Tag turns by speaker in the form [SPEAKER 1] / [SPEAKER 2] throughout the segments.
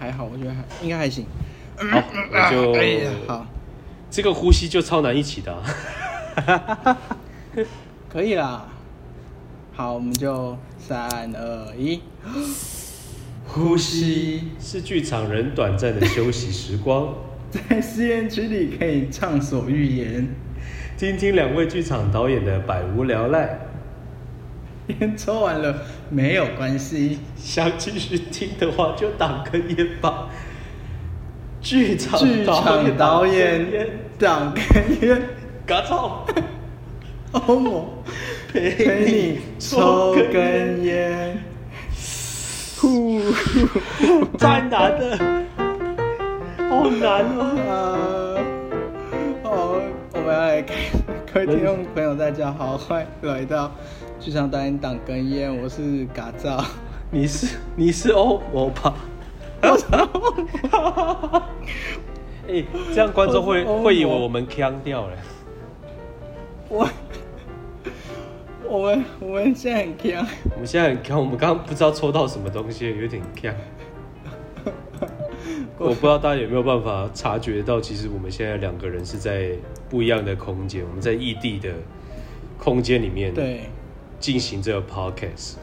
[SPEAKER 1] 還好，我覺得還應該還行。好，那就好。哎、呀這個呼吸就超難一起的、啊， 可以啦。
[SPEAKER 2] 好，我們就三二一，呼吸
[SPEAKER 1] 是劇場人短暫的休息時光， 在私人區裡可以暢所欲言，聽聽兩位劇場導演的百無聊賴。煙抽完了。沒有關係，想繼續聽的話就擋根菸吧。劇場導演，也擋演根菸，嘎造吼，好我、哦、陪你，陪你抽根菸，哦、 再太難了， 好難啊、呃，好，
[SPEAKER 2] 我們要來看。各位聽眾朋友在，大家好，歡迎來到劇場導演當根菸，我是嘎造，你是你 我是歐我怕？哎、
[SPEAKER 1] 欸，這樣觀眾會會以為我們嗆掉了。
[SPEAKER 2] 我，我們我們現在很嗆，我
[SPEAKER 1] 們現在很嗆，我們剛剛不知道抽到什麼東西，有點嗆。我不知道大家有沒有辦法察覺到，其實我們現在兩個人是在不一樣的空間，我們在異地的空間裡面對進行這個 podcast。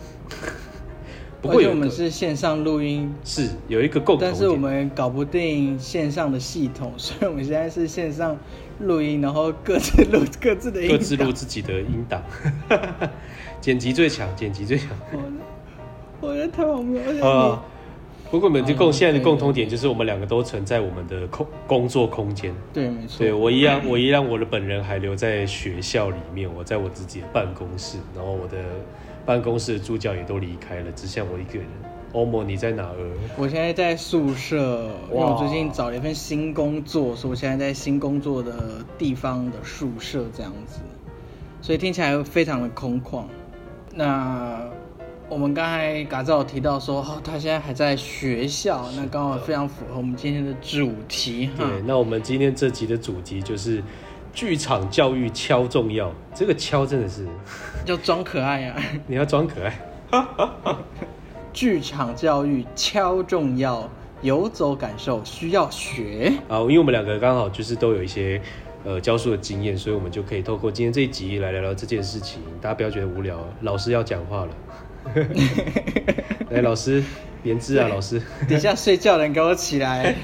[SPEAKER 1] 因為我們是
[SPEAKER 2] 線上錄音，
[SPEAKER 1] 是有一個共同點，但是我
[SPEAKER 2] 們搞不定線上的系統，所以我們現在是線上錄
[SPEAKER 1] 音，然後各自錄各、
[SPEAKER 2] 各自的音，各自錄
[SPEAKER 1] 自己的音檔。 剪輯最強，剪輯最強。
[SPEAKER 2] 我覺得太好聽嗎了。我
[SPEAKER 1] 如果我們就共現在的共同點就是，我們兩個都存在我們的空工作空間。對，沒錯。對我一樣，我一樣，我的本人還留在學校裡面，我在我自己的辦公室，然後我的辦公室的助教也都離開了，只剩我一個人。歐摩，你在哪兒？
[SPEAKER 2] 我現在在宿舍，因為我最近找了一份新工作，所以我現在在新工作的地方的宿舍這樣子，所以聽起來非常的空曠。那，我們剛才嘎造有提到說、哦，他現在還在學校，的那
[SPEAKER 1] 剛好非常符合我們今天的主題哈。對，嗯、那我們今天這集的主題就是劇場教育敲重要，這個敲真的是
[SPEAKER 2] 要裝可愛呀、啊！你要裝可愛，哈哈哈哈哈。劇場教育敲重要，
[SPEAKER 1] 遊走感受需要學啊。因為我們兩個剛好就是都有一些呃教書的經驗，所以我們就可以透過今天這一集來聊聊這件事情。大家不要覺得無聊，老師要講話了。 哎，老師，別之啊！對老師，底下睡
[SPEAKER 2] 覺的給我起來，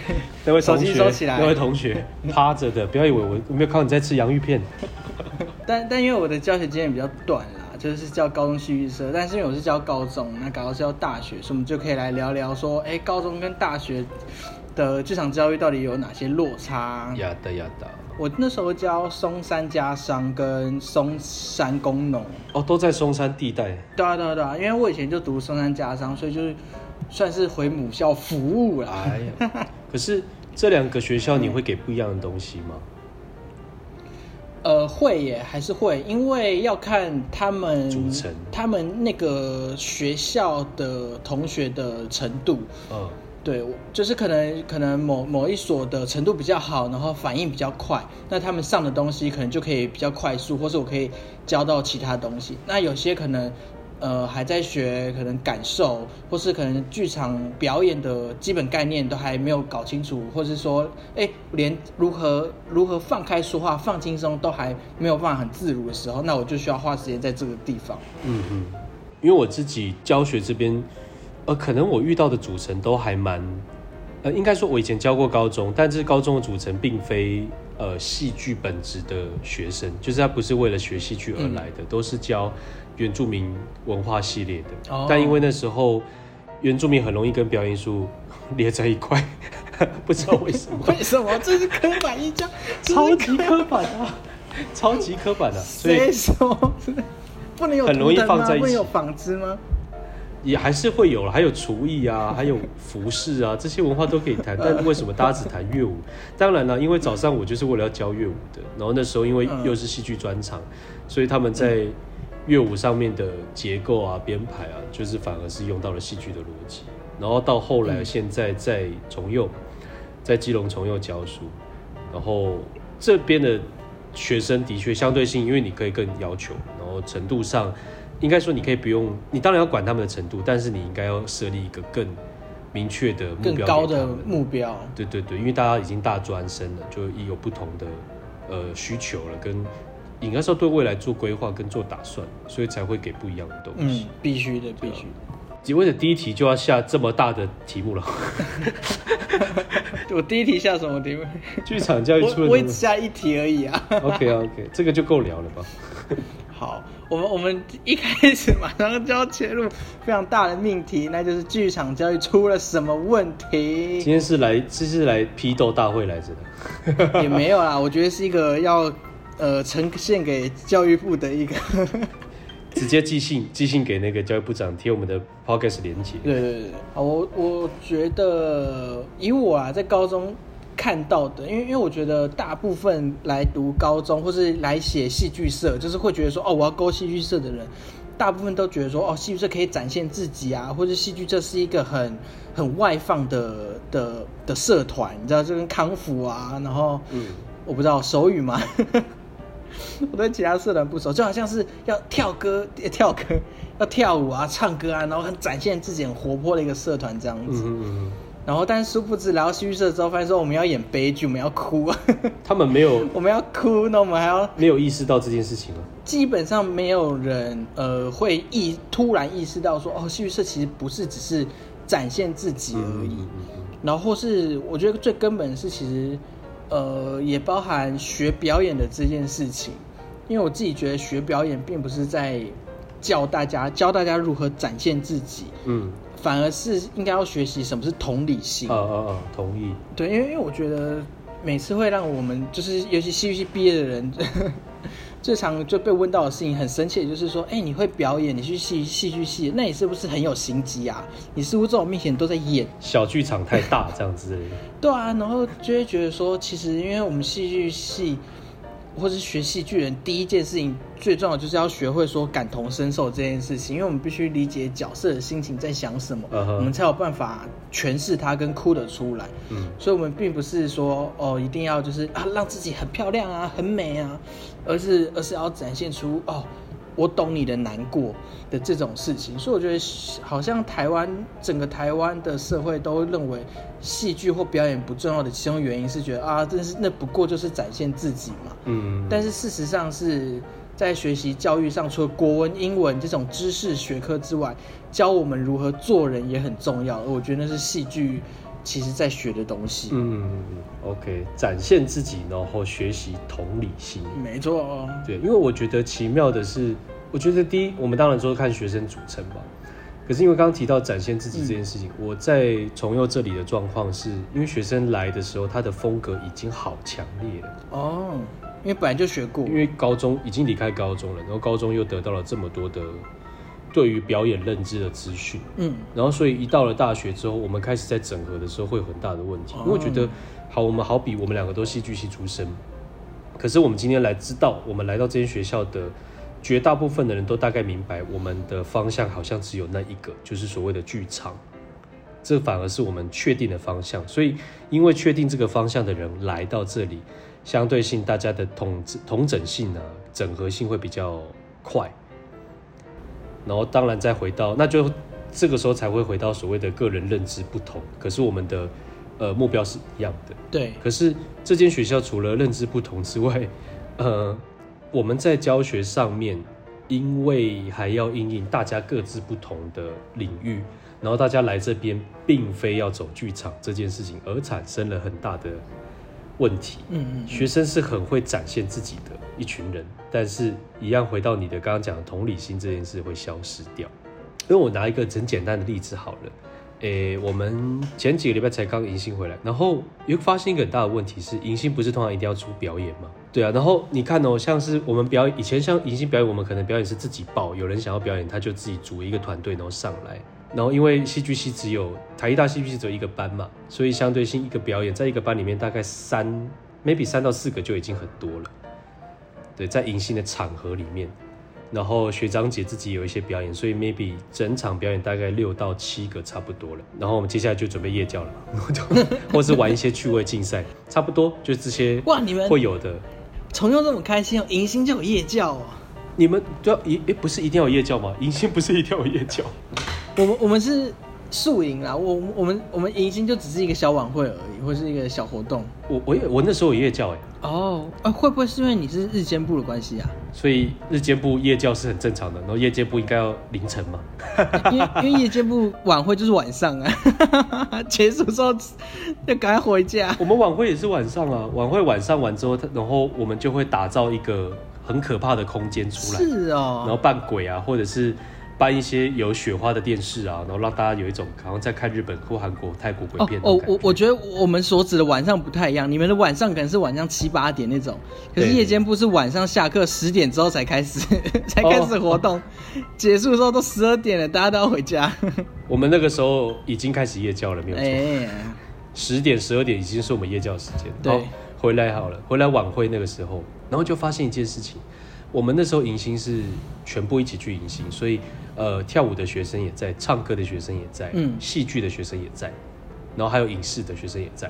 [SPEAKER 2] 各 位手機收起來，同學
[SPEAKER 1] 趴着的，不要以為我我沒有看到你在吃洋芋片。
[SPEAKER 2] 但但因為我的教學經驗比較短啦，就是教高中戲劇社，但是因為我是教高中，那剛好是教大學，所以我們就可以來聊聊說，哎、欸，高中跟大學。的劇場教育到底有哪些落差？要的，要的。我那時候教松山家商跟松山工農哦，都在松山地帶。對啊，對啊，對啊。因為我以前就讀松山家商，所以就是算是回母校服務啦。
[SPEAKER 1] 哎呀，可是這兩個學校你會給不一樣的東西嗎、 嗯？
[SPEAKER 2] 呃，會耶，還是會，因為要看他們組成，他們那個學校的同學的程度。嗯。對，就是可能可能某某一所的程度比較好，然後反應比較快，那他們上的東西可能就可以比較快速，或是我可以教到其他東西。那有些可能，呃，還在學，可能感受或是可能劇場表演的基本概念都還沒有搞清楚，或是說，誒，連如何如何放開說話、放輕鬆都還沒有辦法很自如的時候，那我就需要花時間在這個地方。
[SPEAKER 1] 嗯嗯，因為我自己教學這邊。呃，可能我遇到的組成都還蠻，呃，應該說我以前教過高中，但是高中的組成並非呃戲劇本質的學生，就是他不是為了學戲劇而來的，嗯、都是教原住民文化系列的。哦、但因為那時候原住民很容易跟表演術連在一塊，不知道為什麼？ 為什麼這是刻板一家版、啊、超級刻板的、啊，超級刻板的、啊？所以
[SPEAKER 2] 說不能很容易放在一起，不能有紡織嗎？
[SPEAKER 1] 也還是會有了，還有廚藝啊，還有服飾啊，這些文化都可以談。但為什麼大家只談樂舞？當然了，因為早上我就是為了要教樂舞的。然後那時候因為又是戲劇專場，所以他們在樂舞上面的結構啊、編排啊，就是反而是用到了戲劇的邏輯。然後到後來現在在崇右，在基隆崇右教書，然後這邊的學生的確相對性，因為你可以更要求，然後程度上。應該說，你可以不用，你當然要管他們的程度，但是你應該要設立一個更明確的目標。更高的目標。對對對，因為大家已經大專生了，就已有不同的呃需求了，跟應該是要對未來做規劃跟做打算，所以才會給不一樣的東西。嗯，必須的，必須的。只為了第一題就要下這麼大的題目了。
[SPEAKER 2] 我第一題下什麼題目？
[SPEAKER 1] 劇場教育出了我只下
[SPEAKER 2] 一題而已啊。
[SPEAKER 1] OK OK，這個就夠聊了吧？
[SPEAKER 2] 好。我們我們一開始馬上就要切入非常大的命題，那就是劇場教育出了什麼問題？
[SPEAKER 1] 今天是來，這是來批鬥大會來着的。
[SPEAKER 2] 也沒有啦，我覺得是一個要呃呈現給教育部的一個，
[SPEAKER 1] 直接寄信寄信給那個教育部長，貼我們的 podcast 連結。對對
[SPEAKER 2] 對，好，我我覺得以我啊，在高中，看到的。因為因為我覺得大部分來讀高中或是來寫戲劇社，就是會覺得說，哦，我要勾戲劇社的人，大部分都覺得說，哦，戲劇社可以展現自己啊，或者戲劇社是一個很很外放的的的社團，你知道，就跟康輔，啊，然後，嗯、我不知道手語嗎？ 我跟其他社團不熟，就好像是要跳歌跳歌，要跳舞啊，唱歌啊，然後很展現自己很活潑的一個社團這樣子。嗯哼嗯哼然後，但是殊不知，來到戲劇社之後，發現說我們要演悲劇，我們要哭。他們沒有， 我們要哭，
[SPEAKER 1] 那我們還要沒有意識到這件事情嗎？
[SPEAKER 2] 基本上沒有人，呃，會意突然意識到說，哦，戲劇社其實不是只是展現自己而已。嗯嗯嗯嗯、然後是，我覺得最根本的是其實，呃，也包含學表演的這件事情。因為我自己覺得學表演並不是在教大家教大家如何展現自己，
[SPEAKER 1] 嗯。
[SPEAKER 2] 反而是應該要學習什麼是同理心哦。哦啊！同意。對，因為因為我覺得每次會讓我們就是，尤其戲劇系畢業的人，最常就被問到的事情很生氣的，就是說，哎，你會表演，你去戲戲劇系，那你是不是很有心機啊？你似乎這種面前都在演
[SPEAKER 1] 小劇場太大這樣子的。
[SPEAKER 2] 對啊，然後就會覺得說，其實因為我們戲劇系。或是學戲劇人第一件事情最重要的就是要學會說感同身受這件事情，因為我們必須理解角色的心情在想什麼，uh huh. 我們才有辦法詮釋它跟哭得出來。嗯，所以我們並不是說哦一定要就是啊讓自己很漂亮啊很美啊，而是而是要展現出哦，我懂你的難過的這種事情，所以我覺得好像台灣整個台灣的社會都認為戲劇或表演不重要的其中原因是覺得啊，真是那不過就是展現自己嘛。嗯，但是事實上是在學習教育上，除了國文、英文這種知識學科之外，教我們如何做人也很重要。我覺得那是戲劇。其
[SPEAKER 1] 實在學的東西，嗯，OK，展現自己，然後學習同理心，沒錯哦，對，因為我覺得奇妙的是，我覺得第一，我們當然說是看學生組成吧，可是因為剛剛提到展現自己這件事情，嗯，我在崇右這裡的狀況是因為學生來的時候，他的風格已經好強烈了哦，因為本來就學過，因為高中已經離開高中了，然後高中又得到了這麼多的。對於表演認知的資訊，嗯，然後所以一到了大學之後，我們開始在整合的時候會有很大的問題，因為覺得，嗯、好，我們好比我們兩個都戲劇系出身，可是我們今天來知道，我們來到這間學校的絕大部分的人都大概明白我們的方向好像只有那一個，就是所謂的劇場，這反而是我們確定的方向，所以因為確定這個方向的人來到這裡，相對性大家的統、統整性呢，整合性會比較快。然後當然再回到，那就這個時候才會回到所謂的個人認知不同。可是我們的呃目標是一樣的，對。可是這間學校除了認知不同之外，呃，我們在教學上面，因為還要因應大家各自不同的領域，然後大家來這邊並非要走劇場這件事情，而產生了很大的問題，學生是很會展現自己的一群人，但是一樣回到你的剛剛講的同理心這件事會消失掉，因為我拿一個很簡單的例子好了，欸，我們前幾個禮拜才剛迎新回來，然後又發現一個很大的問題是迎新不是通常一定要出表演嗎？對啊，然後你看哦、喔，像是我們表演以前像迎新表演，我們可能表演是自己報，有人想要表演他就自己組一個團隊然後上來。然後因為戲劇系只有台藝大戲劇系只有一個班嘛，所以相對性一個表演在一個班裡面大概三 maybe 三到四個就已經很多了。對，在迎新的場合裡面，然後學長姐自己有一些表演，所以 maybe 整場表演大概六到七個差不多了。然後我們接下來就準備夜教了嘛， 或者玩一些趣味競賽，差不多就這些。哇，你們會有的，從中這麼開心迎、哦、新就有夜教哦。你們對、欸、不是一定要有夜教嗎？迎新不是一定要有夜教？
[SPEAKER 2] 我們我們是宿營啦，我我們我們迎新就只是一個小晚會而已，或是一個小活動。
[SPEAKER 1] 我我我那時候有夜教哎、欸。
[SPEAKER 2] 哦，呃，會不會是因為
[SPEAKER 1] 你是日間部的關係啊？所以日間部夜教是很正常的，然後夜間部應該要凌晨嘛。 因為因為夜間部晚會就是晚上啊， 結束之後要趕快回家。我們晚會也是晚上啊，晚會晚上完之後，然後我們就會打造一個很可怕的空間出來，是哦，然後扮鬼啊，或者是。辦一些有雪花的電視啊，然後讓大家有一種好像在看日本或韓國、泰國鬼片的哦。哦，我
[SPEAKER 2] 我覺得我們所指的晚上不太一樣，你們的晚上可能是晚上七八點那種，可是夜間部是晚上下課十點之後才開始 才開始活動、哦，哦、結束的時候都十二點了，大家都要回家 。
[SPEAKER 1] 我們那個時候已經開始夜教了，沒有錯、
[SPEAKER 2] 哎、
[SPEAKER 1] 呀十點十二點已經是我們夜教的時間。對、哦，回來好了，回來晚會那個時候，然後就發現一件事情，我們那時候迎新是全部一起去迎新，所以。呃，跳舞的學生也在，唱歌的學生也在，戲劇，嗯，的學生也在，然後還有影視的學生也在，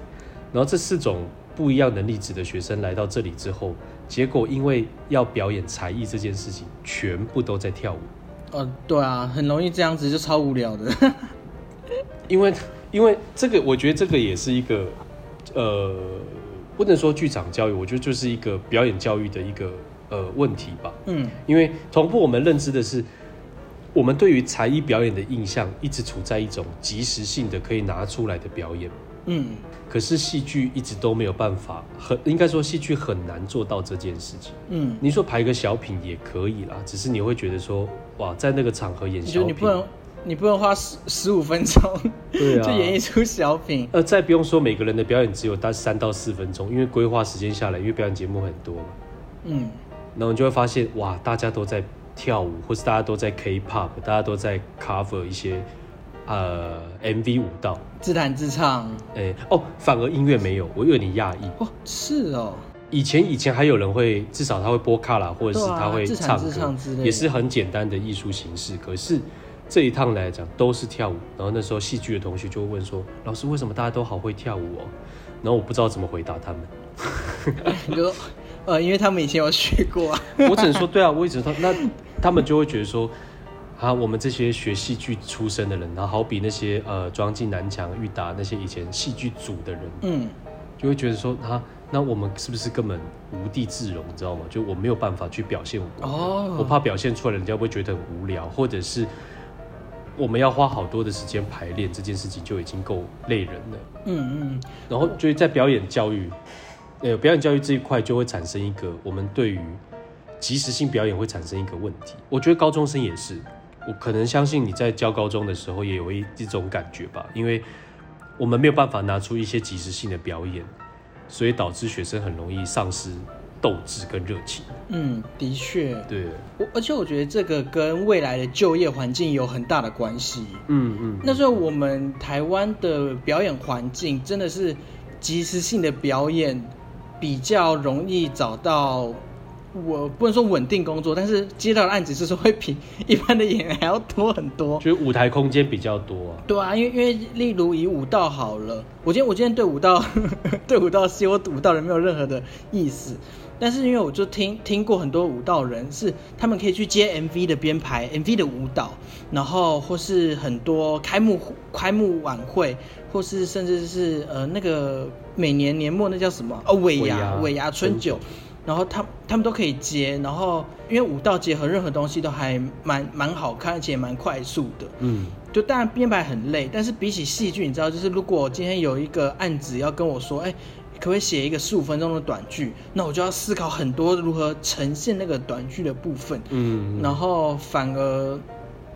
[SPEAKER 1] 然後這四種不一樣能力值的學生來到這裡之後，結果因為要表演才藝這件事情，全部都在跳舞。
[SPEAKER 2] 呃，對啊，很容易這樣子就超無聊的。
[SPEAKER 1] 因為，因為這個，我覺得這個也是一個，呃，不能說劇場教育，我覺得就是一個表演教育的一個呃問題吧。嗯，因為同步我們認知的是。我們對於才藝表演的印象，一直處在一種即時性的可以拿出來的表演。嗯，可是戲劇一直都沒有辦法，很應該說戲劇很難做到這件事情。嗯，你說排一個小品也可以啦，只是你會覺得說，哇，在那個場合演小品，你，你不
[SPEAKER 2] 能，你不能花十十五分鐘，
[SPEAKER 1] 對啊，就演
[SPEAKER 2] 一出小品。
[SPEAKER 1] 呃，再不用說每個人的表演只有大概三到四分鐘，因為規劃時間下來，因為表演節目很多嘛。嗯，然後你就會發現，哇，大家都在。跳舞，或是大家都在 K pop，大家都在 cover 一些呃 MV 舞蹈，自彈自唱，哎、欸、哦，反而音樂沒有，我有點壓抑哦，是哦，以前以前還有人會，至少他會播卡拉，或者是他會唱歌、啊、自自唱也是很簡單的藝術形式。可是這一趟來講都是跳舞。然後那時候戲劇的同學就會問說：“老師，為什麼大家都好會跳舞哦？”然後我不知道怎麼回答他們。 你說，
[SPEAKER 2] 呃，因為他們
[SPEAKER 1] 以前有學過。 我，只啊、我只能說，對啊，我一直說那。他們就會覺得說，嗯、啊，我們這些學戲劇出身的人，然後好比那些呃撞進南牆欲達那些以前戲劇組的人，嗯，就會覺得說，他、啊、那我們是不是根本無地自容？你知道嗎？就我沒有辦法去表現我，哦、我怕表現出來，人家會、會覺得很無聊，或者是我們要花好多的時間排練這件事情就已經夠累人了。嗯、嗯嗯，然後就在表演教育，呃、欸，表演教育這一塊就會產生一個我們對於。即時性表演會產生一個問題，我覺得高中生也是，我可能相信你在教高中的時候也有一這種感覺吧，因為我們沒有辦法拿出一些即時性的表演，所以導致學生很容易喪失鬥志跟熱情。嗯，
[SPEAKER 2] 的確，對，我而且我覺得這個跟未來的就業環境有很大的關係。嗯。嗯嗯，那時候我們台灣的表演環境真的是即時性的表演比較容易找到。我不能說穩定工作，但是接到的案子是說會比一般的演員還要多很多，就
[SPEAKER 1] 是舞台空間比較多，啊。
[SPEAKER 2] 對啊，因為因為例如以舞蹈好了，我今天我今天對舞蹈 對舞蹈戲，我舞蹈人沒有任何的意思，但是因為我就聽聽過很多舞蹈人是他們可以去接 MV 的編排 ，MV 的舞蹈，然後或是很多開幕開幕晚會，或是甚至是呃那個每年年末那叫什麼啊尾牙、尾牙春酒。然後他他們都可以接，然後因為舞蹈結合任何東西都還蠻蠻好看，而且蠻快速的。嗯，就當然編排很累，但是比起戲劇，你知道，就是如果今天有一個案子要跟我說，哎，可不可以寫一個十五分鐘的短劇？那我就要思考很多如何呈現那個短劇的部分。嗯，嗯，然後反而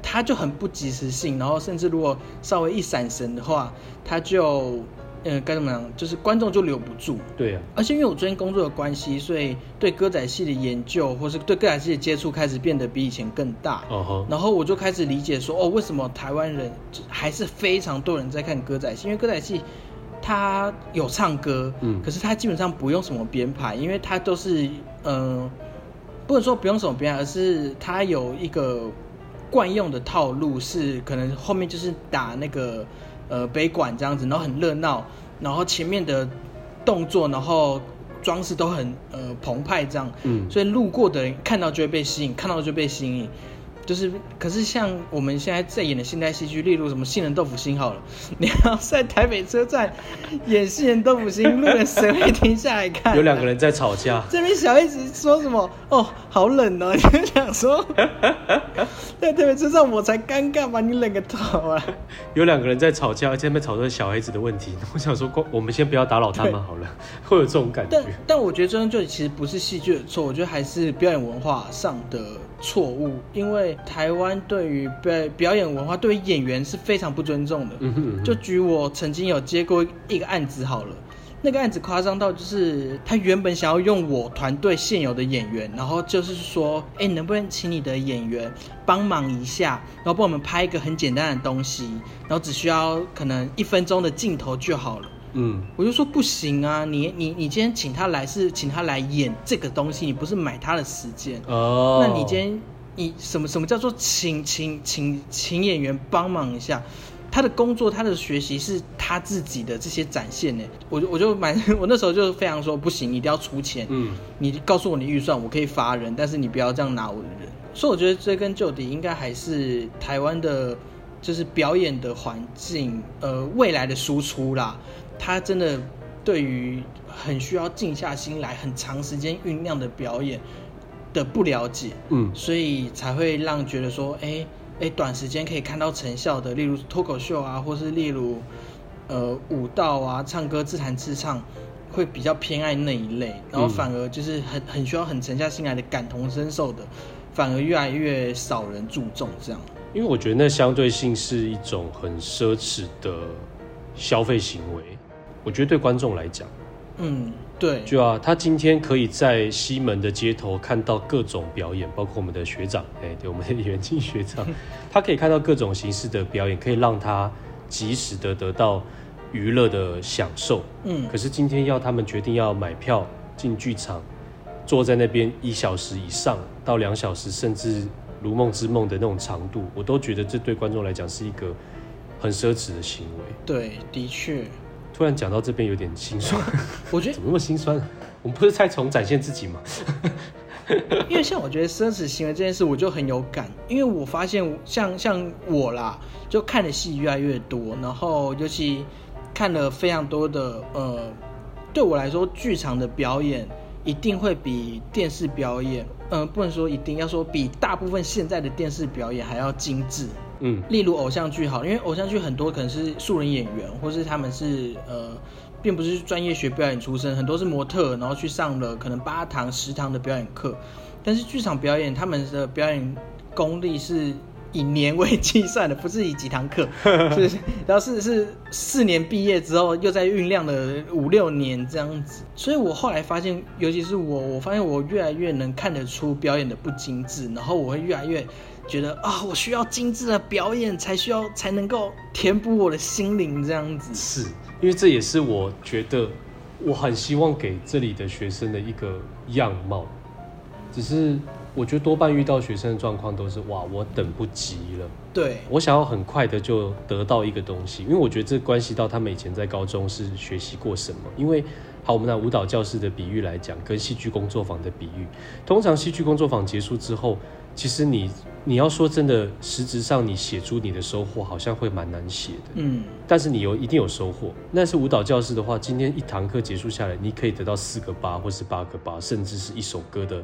[SPEAKER 2] 它就很不即時性，然後甚至如果稍微一閃神的話，它就。嗯，該怎麼樣？就是觀眾就留不住。對啊，而且因為我最近工作的關係，所以對歌仔戲的研究，或是對歌仔戲的接觸，開始變得比以前更大。Uh huh、然後我就開始理解說，哦，為什麼台灣人還是非常多人在看歌仔戲？因為歌仔戲，他有唱歌，可是他基本上不用什麼編排，嗯、因為他都是，嗯、呃，不能說不用什麼編排，而是他有一個慣用的套路，是可能後面就是打那個。呃，北管，這樣子，然後很熱鬧，然後前面的動作，然後裝飾都很呃澎湃這樣，嗯，所以路過的人看到就會被吸引，看到就被吸引。就是，可是像我們現在在演的現代戲劇，例如什麼《杏仁豆腐心》好了，你要在台北車站演《杏仁豆腐心》，路人誰會停下來看？有兩個
[SPEAKER 1] 人在吵架，
[SPEAKER 2] 這邊小孩子說什麼？哦，好冷哦！你們想說， 在台北車站我才尷尬嘛，你冷個頭啊！
[SPEAKER 1] 有兩個人在吵架，而且被吵成小孩子的問題，我想說，我們先不要打擾他們好了，對會有這種感覺。但但我覺得這樁事其實不是戲劇的錯，
[SPEAKER 2] 我覺得還是表演文化上的。錯誤，因為台灣對於表表演文化，對於演員是非常不尊重的。就舉我曾經有接過一個案子好了，那個案子誇張到就是他原本想要用我團隊現有的演員，然後就是說，哎，能不能請你的演員幫忙一下，然後幫我們拍一個很簡單的東西，然後只需要可能一分鐘的鏡頭就好了。嗯， 我就說不行啊！你你你今天請他來是請他來演這個東西，你不是買他的時間哦。Oh. 那你今天你什麼什麼叫做請請請請演員幫忙一下？他的工作，他的學習是他自己的這些展現呢。我就我就買，我那時候就非常說不行，你一定要出錢。嗯， 你告訴我你預算，我可以發人，但是你不要這樣拿我的人。所以我覺得追根究底，應該還是台灣的，就是表演的環境，呃，未來的輸出啦。他真的對於很需要靜下心來、很長時間醞釀的表演的不了解，嗯，所以才會讓你覺得說，哎、欸、哎、欸，短時間可以看到成效的，例如脫口秀啊，或是例如、呃、舞蹈啊、唱歌、自彈自唱，會比較偏愛那一類，然後反而就是很、嗯、很需要很沉下心來的、感同身受的，反而越來越少人注重這樣。
[SPEAKER 1] 因為我覺得那相對性是一種很奢侈的消費行為。我覺得對觀眾來講，嗯，對，就啊，他今天可以在西門的街頭看到各種表演，包括我們的學長，哎、欸，對，我們的袁靜學長， 他可以看到各種形式的表演，可以讓他及時的得到娛樂的享受。嗯，可是今天要他們決定要買票進劇場，坐在那邊一小時以上到兩小時，甚至《如夢之夢》的那種長度，我都覺得這對觀眾來講是一個很奢侈的行為。對，的確。突然講到這邊有點心酸，我覺得怎麼那麼心酸，啊？我們不是著重展現自己嗎？
[SPEAKER 2] 因為像我覺得生死行為這件事，我就很有感，因為我發現像像我啦，就看的戲越來越多，然後尤其看了非常多的呃，對我來說，劇場的表演一定會比電視表演，嗯，呃，不能說一定，要說比大部分現在的電視表演還要精緻。嗯，例如偶像劇好，因為偶像劇很多可能是素人演員，或者是他們是呃，並不是專業學表演出身，很多是模特，然後去上了可能八堂、十堂的表演課，但是劇場表演他們的表演功力是以年為計算的，不是以幾堂課，是 是？然後是是四年畢業之後，又在醞釀了五六年這樣子，所以我後來發現，尤其是我，我發現我越來越能看得出表演的不精緻，然後我會越來越。覺得啊、哦，我需要精緻的表演，才需要才能夠填補我的心靈，這樣子。
[SPEAKER 1] 是，因為這也是我覺得我很希望給這裡的學生的一個樣貌。只是我覺得多半遇到學生的狀況都是哇，我等不及了。對，我想要很快的就得到一個東西，因為我覺得這關係到他們以前在高中是學習過什麼。因為好，我們拿舞蹈教室的比喻來講，跟戲劇工作坊的比喻，通常戲劇工作坊結束之後。其實你，你要說真的，實質上你寫出你的收穫好像會蠻難寫的，嗯。但是你有一定有收穫。那是舞蹈教室的話，今天一堂課結束下來，你可以得到四個八或是八個八，甚至是一首歌的，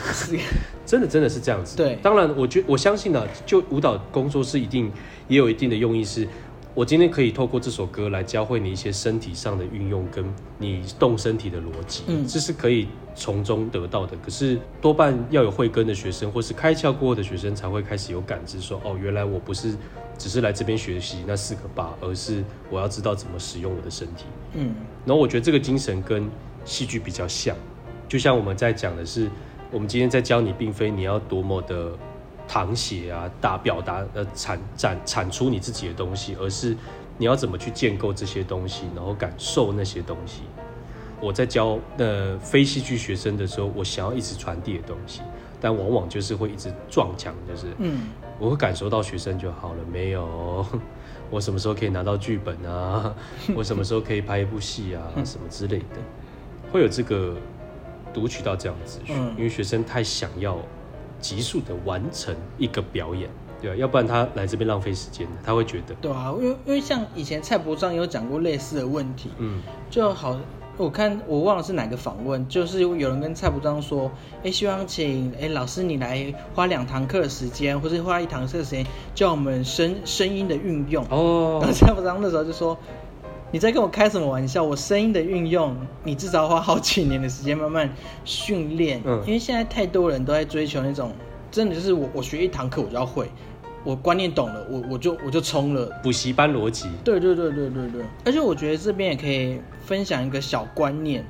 [SPEAKER 1] 真的真的是這樣子。對，當然，我覺得我相信呢、啊，就舞蹈工作室一定也有一定的用意是。我今天可以透過這首歌來教會你一些身體上的運用，跟你動身體的邏輯，嗯，這是可以從中得到的。可是多半要有慧根的學生，或是開竅過後的學生，才會開始有感知，說哦，原來我不是只是來這邊學習那四個八，而是我要知道怎麼使用我的身體，嗯。然後我覺得這個精神跟戲劇比較像，就像我們在講的是，我們今天在教你，並非你要多麼的。淌血啊，打表達呃產產產出你自己的東西，而是你要怎麼去建構這些東西，然後感受那些東西。我在教呃非戲劇學生的時候，我想要一直傳遞的東西，但往往就是會一直撞牆，就是嗯，我會感受到學生就好了沒有，我什麼時候可以拿到劇本啊？我什麼時候可以拍一部戲啊？什麼之類的，會有這個讀取到這樣子，因為學生太想要。急速的完成一個表演，對吧？要不然他來這邊浪費時間，他會覺得，
[SPEAKER 2] 對啊，因為因為像以前蔡伯章有講過類似的問題，嗯，就好，我看我忘了是哪個訪問，就是有人跟蔡伯章說、欸，希望請、欸，老師你來花兩堂課的時間，或者花一堂課的時間教我們聲聲音的運用，哦，oh. 蔡伯章那時候就說。你在跟我開什麼玩笑？我聲音的運用，你至少要花好幾年的時間慢慢訓練。嗯，因為現在太多人都在追求那種，真的就是我我學一堂課我就要會，我觀念
[SPEAKER 1] 懂了，我我就我就衝了補習班邏輯。
[SPEAKER 2] 對，對對對對對對，而且我覺得這邊也可以分享一個小觀念，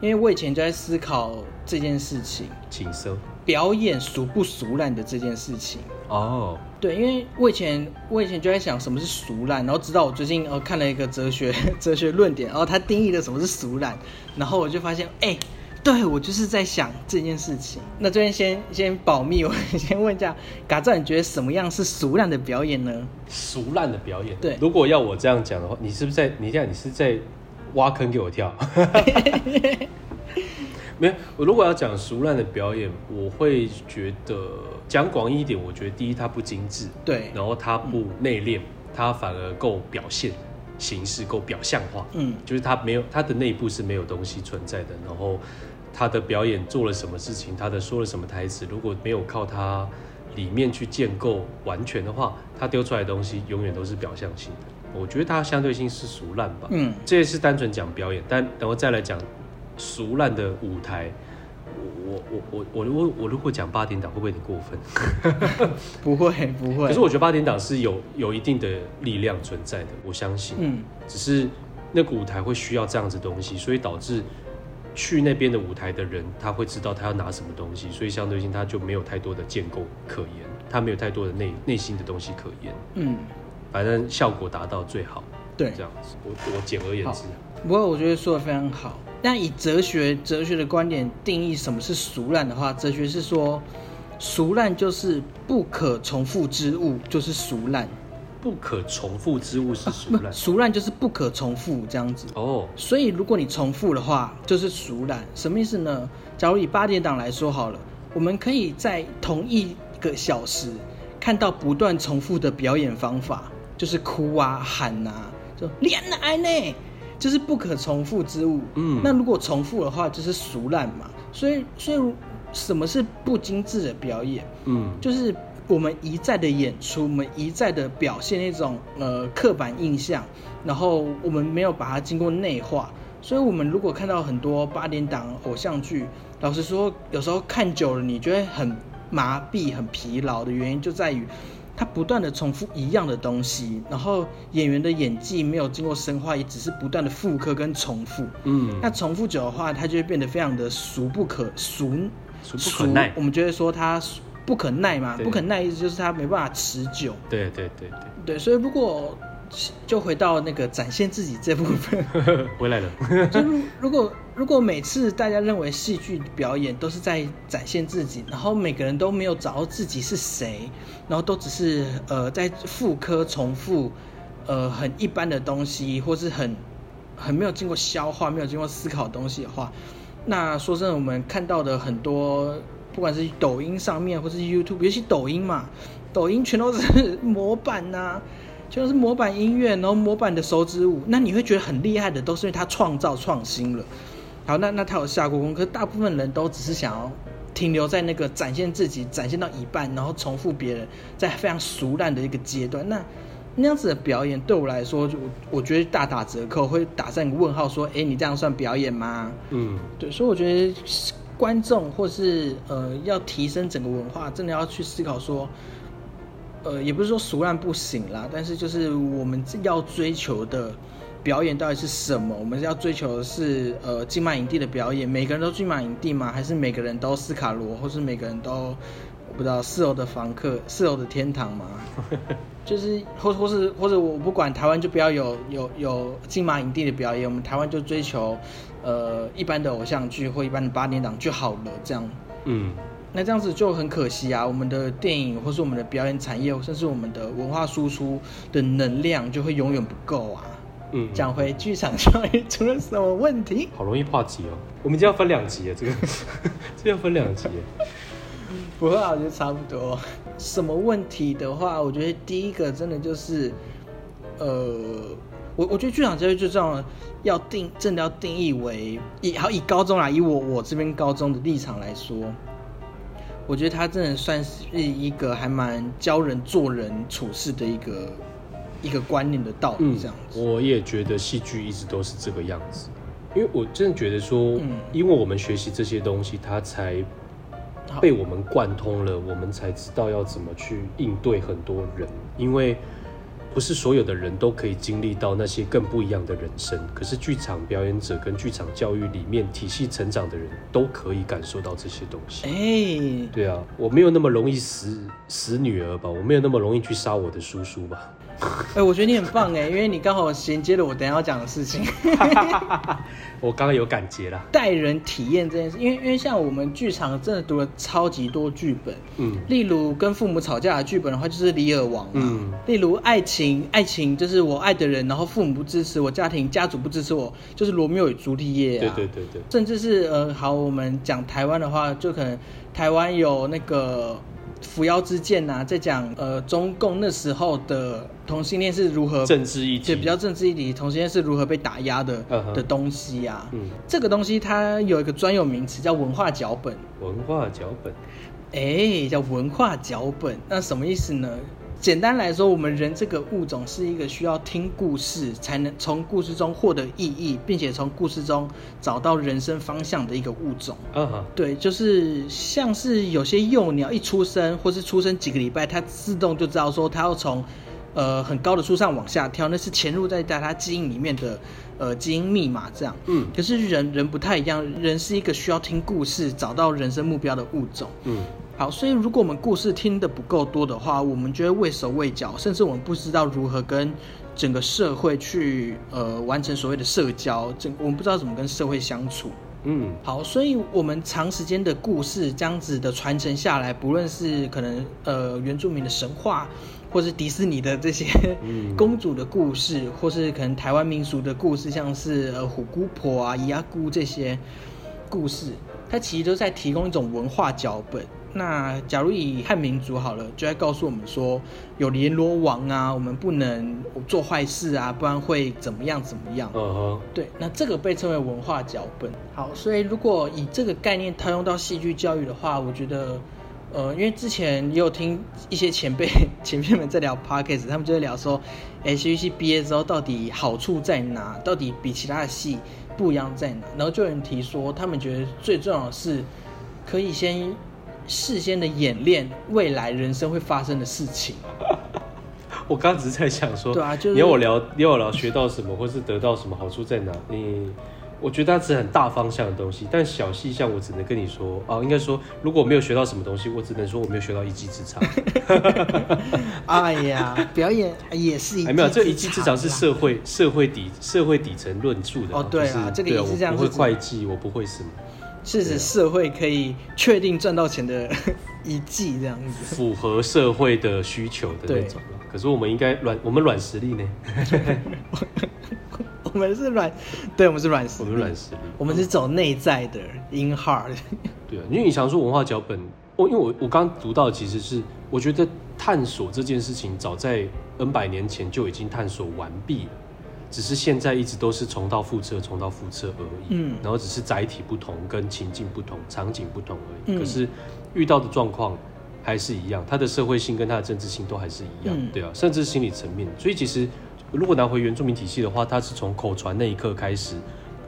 [SPEAKER 2] 因為我以前就在思考這件事情，請收表演俗不俗爛的這件事情哦。對，因為我以前我以前就在想什麼是俗爛，然後直到我最近、呃、看了一個哲學哲學論點，然後他定義了什麼是俗爛，然後我就發現哎、欸，對我就是在想這件事情。那這邊先先保密我，我先問一下嘎造，你覺得什麼樣是俗爛的
[SPEAKER 1] 表演呢？俗爛的表演，對，如果要我這樣講的話，你是不是在你這樣你是在挖坑給我跳？ 沒有，我如果要講俗爛的表演，我會覺得講廣義一點，我覺得第一它不精緻，對，然後它不內斂，它、嗯、反而夠表現，形式夠表象化，嗯，就是它沒有它的內部是沒有東西存在的，然後它的表演做了什麼事情，它的說了什麼台詞，如果沒有靠它裡面去建構完全的話，它丟出來的東西永遠都是表象性的。我覺得它相對性是俗爛吧，嗯，這也是單純講表演，但然後再來講。俗爛的舞台，我我我我我我如果講八點檔會不會有點過分？
[SPEAKER 2] 不 會 不會。不
[SPEAKER 1] 會。可是我覺得八點檔是有有一定的力量存在的，我相信。嗯。只是那個舞台會需要這樣子東西，所以導致去那邊的舞台的人，他會知道他要拿什麼東西，所以相對性他就沒有太多的建構可言，他沒有太多的內內心的東西可言。嗯。反正效果達到最好。對。這樣子，我我簡而言之。
[SPEAKER 2] 不過我覺得說得非常好。那以哲學哲學的觀點定義什麼是俗爛的話，哲學是說，俗爛就是不可重複之物，就是俗爛。不可重複之物是俗爛，俗爛、啊、就是不可重複這樣子。哦，oh. 所以如果你重複的話，就是俗爛。什麼意思呢？假如以八點檔來說好了，我們可以在同一個小時看到不斷重複的表演方法，就是哭啊、喊啊，就連來呢，就是不可重複之物。嗯，那如果重複的話，就是俗爛嘛。所以，所以什麼是不精緻的表演？嗯，就是我們一再的演出，我們一再的表現那種呃刻板印象，然後我們沒有把它經過內化。所以，我們如果看到很多八點檔偶像劇，老實說，有時候看久了，你就會很麻痹、很疲勞的原因就在於。他不斷的重複一樣的東西，然後演員的演技沒有經過深化，也只是不斷的復刻跟重複。嗯，嗯，那重複久的話，他就會變得非常的俗不可俗。俗不可耐。我們就會說他不可耐嘛，對 不可耐意思就是他沒辦法持久。
[SPEAKER 1] 對對對對。
[SPEAKER 2] 對，所以如果。就回到那個展現自己這部分，
[SPEAKER 1] 回來了。就
[SPEAKER 2] 如果如果每次大家認為戲劇表演都是在展現自己，然後每個人都沒有找到自己是誰，然後都只是呃在複刻重複，呃很一般的東西，或是很很沒有經過消化、沒有經過思考的東西的話，那說真的，我們看到的很多，不管是抖音上面，或是 YouTube，尤其抖音嘛，抖音全都是模板吶啊。就是模板音樂，然後模板的手指舞，那你會覺得很厲害的，都是因為他創造創新了。好，那那他有下過功，可大部分人都只是想要停留在那個展現自己，展現到一半，然後重複別人，在非常俗爛的一個階段。那那樣子的表演對我來說，我我覺得大打折扣，會打上一個問號，說，哎、欸，你這樣算表演嗎？嗯，對，所以我覺得觀眾或是呃，要提升整個文化，真的要去思考說。呃，也不是說俗爛不行啦，但是就是我們要追求的表演到底是什麼？我們要追求的是呃金馬影帝的表演，每個人都金馬影帝嗎？還是每個人都斯卡羅，或是每個人都我不知道四樓的房客，四樓的天堂嗎？ 就是或或是或者我不管，台灣就不要有有有金馬影帝的表演，我們台灣就追求呃一般的偶像劇或一般的八點檔就好了，這樣，嗯。那這樣子就很可惜啊！我們的電影，或是我們的表演產業，甚至我們的文化輸出的能量，就會永遠不夠啊！嗯，講回劇場教育
[SPEAKER 1] 出了什麼問題？好容易跨集哦！我們今天要分兩集耶，這個 這要分兩集。
[SPEAKER 2] 不會、啊、我覺得差不多。什麼問題的話，我覺得第一個真的就是，呃，我我覺得劇場教育就這樣，要定真的要定義為以，好以高中來、啊、以我我這邊高中的立場來說。我覺得他真的算是一個還蠻教人做人處事
[SPEAKER 1] 的一個一個觀念的道理，這樣子，嗯。我也覺得戲劇一直都是這個樣子，因為我真的覺得說，因為我們學習這些東西，它才被我們貫通了，好我們才知道要怎麼去應對很多人，因為。不是所有的人都可以經歷到那些更不一樣的人生，可是劇場表演者跟劇場教育裡面體系成長的人都可以感受到這些東西。欸，對啊，我沒有那麼容易死死女兒吧？我沒有那麼容易去殺我的叔叔吧？
[SPEAKER 2] 哎、欸，我覺得你很棒哎， 因為你剛好銜接了我等一下要講的事情。
[SPEAKER 1] 我剛剛有感覺了，
[SPEAKER 2] 帶人體驗這件事，因為因為像我們劇場真的讀了超級多劇本，嗯，例如跟父母吵架的劇本的話，就是李《李爾王》嘛，嗯，例如愛情愛情就是我愛的人，然後父母不支持我，家庭家族不支持我，就是《羅密歐與朱麗葉》啊，對，對對對，甚至是呃，好，我們講台灣的話，就可能台灣有那個。扶妖之劍啊，在講呃、中共那時候的同性戀是如何政治議題，對，比較政治議題，同性戀是如何被打壓的、uh huh. 的東西啊。嗯，這個東西它有一個專有名詞叫文化腳本。文化腳本，哎、欸，叫文化腳本，那什麼意思呢？簡單來說，我們人這個物種是一個需要聽故事才能從故事中獲得意義，並且從故事中找到人生方向的一個物種。啊、uh huh. 對，就是像是有些幼鳥一出生或是出生幾個禮拜，它自動就知道說它要從、呃、很高的樹上往下跳，那是潛入在它基因裡面的、呃、基因密碼這樣。嗯，可是人人不太一樣，人是一個需要聽故事找到人生目標的物種。嗯。好，所以如果我們故事聽得不夠多的話，我們就會畏手畏腳，甚至我們不知道如何跟整個社會去呃完成所謂的社交，整我們不知道怎麼跟社會相處。嗯，好，所以我們長時間的故事這樣子的傳承下來，不論是可能呃原住民的神話，或是迪士尼的這些公主的故事，嗯、或是可能台灣民俗的故事，像是、呃、虎姑婆啊、姨阿姑這些故事，它其實都在提供一種文化腳本。那假如以漢民族好了，就在告訴我們說有閻羅王啊，我們不能做壞事啊，不然會怎麼樣怎麼樣。嗯哼、uh，huh. 對。那這個被稱為文化腳本。好，所以如果以這個概念套用到戲劇教育的話，我覺得，呃，因為之前也有聽一些前輩前輩們在聊 podcast 他們就會聊說，哎，戲劇系畢業之後到底好處在哪？到底比其他的戲不一樣在哪？然後就有人提說，他們覺得最重要的是可以先。事先的演練，未來人生會發生的事情。
[SPEAKER 1] 我剛只是在想說，啊就是、你要我聊，你要我聊學到什麼，或是得到什麼好處在哪？你，我覺得它只是很大方向的東西，但小細項我只能跟你說哦、啊、應該說如果我沒有學到什麼東西，我只能說我沒有學到一技之長。
[SPEAKER 2] 哎呀，表演也是一樣 沒有，這個、一技之長是
[SPEAKER 1] 社會社會底社會底層論述的。哦，oh, 對啊，就是、這個也是這樣。我會會計，我不會什麼。
[SPEAKER 2] 是指社會可以確定賺到錢的一技這樣子，
[SPEAKER 1] 符合社會的需求的那種。對 可是我們應該軟，我們軟實力呢？ 我們是軟，對，我們是軟實力。我，我們是走內在的、嗯、in heart。對、啊，因為你想說文化腳本、喔，我因為我我剛讀到，其實是我覺得探索這件事情，早在 N 百年前就已經探索完畢了。只是現在一直都是重蹈覆轍，重蹈覆轍而已。嗯、然後只是載體不同、跟情境不同、場景不同而已。嗯、可是遇到的狀況還是一樣，它的社會性跟它的政治性都還是一樣，嗯、對啊，甚至心理層面。所以其實如果拿回原住民體系的話，它是從口傳那一刻開始，